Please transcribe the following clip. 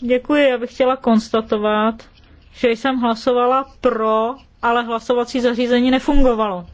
Děkuji, já bych chtěla konstatovat, že jsem hlasovala pro, ale hlasovací zařízení nefungovalo.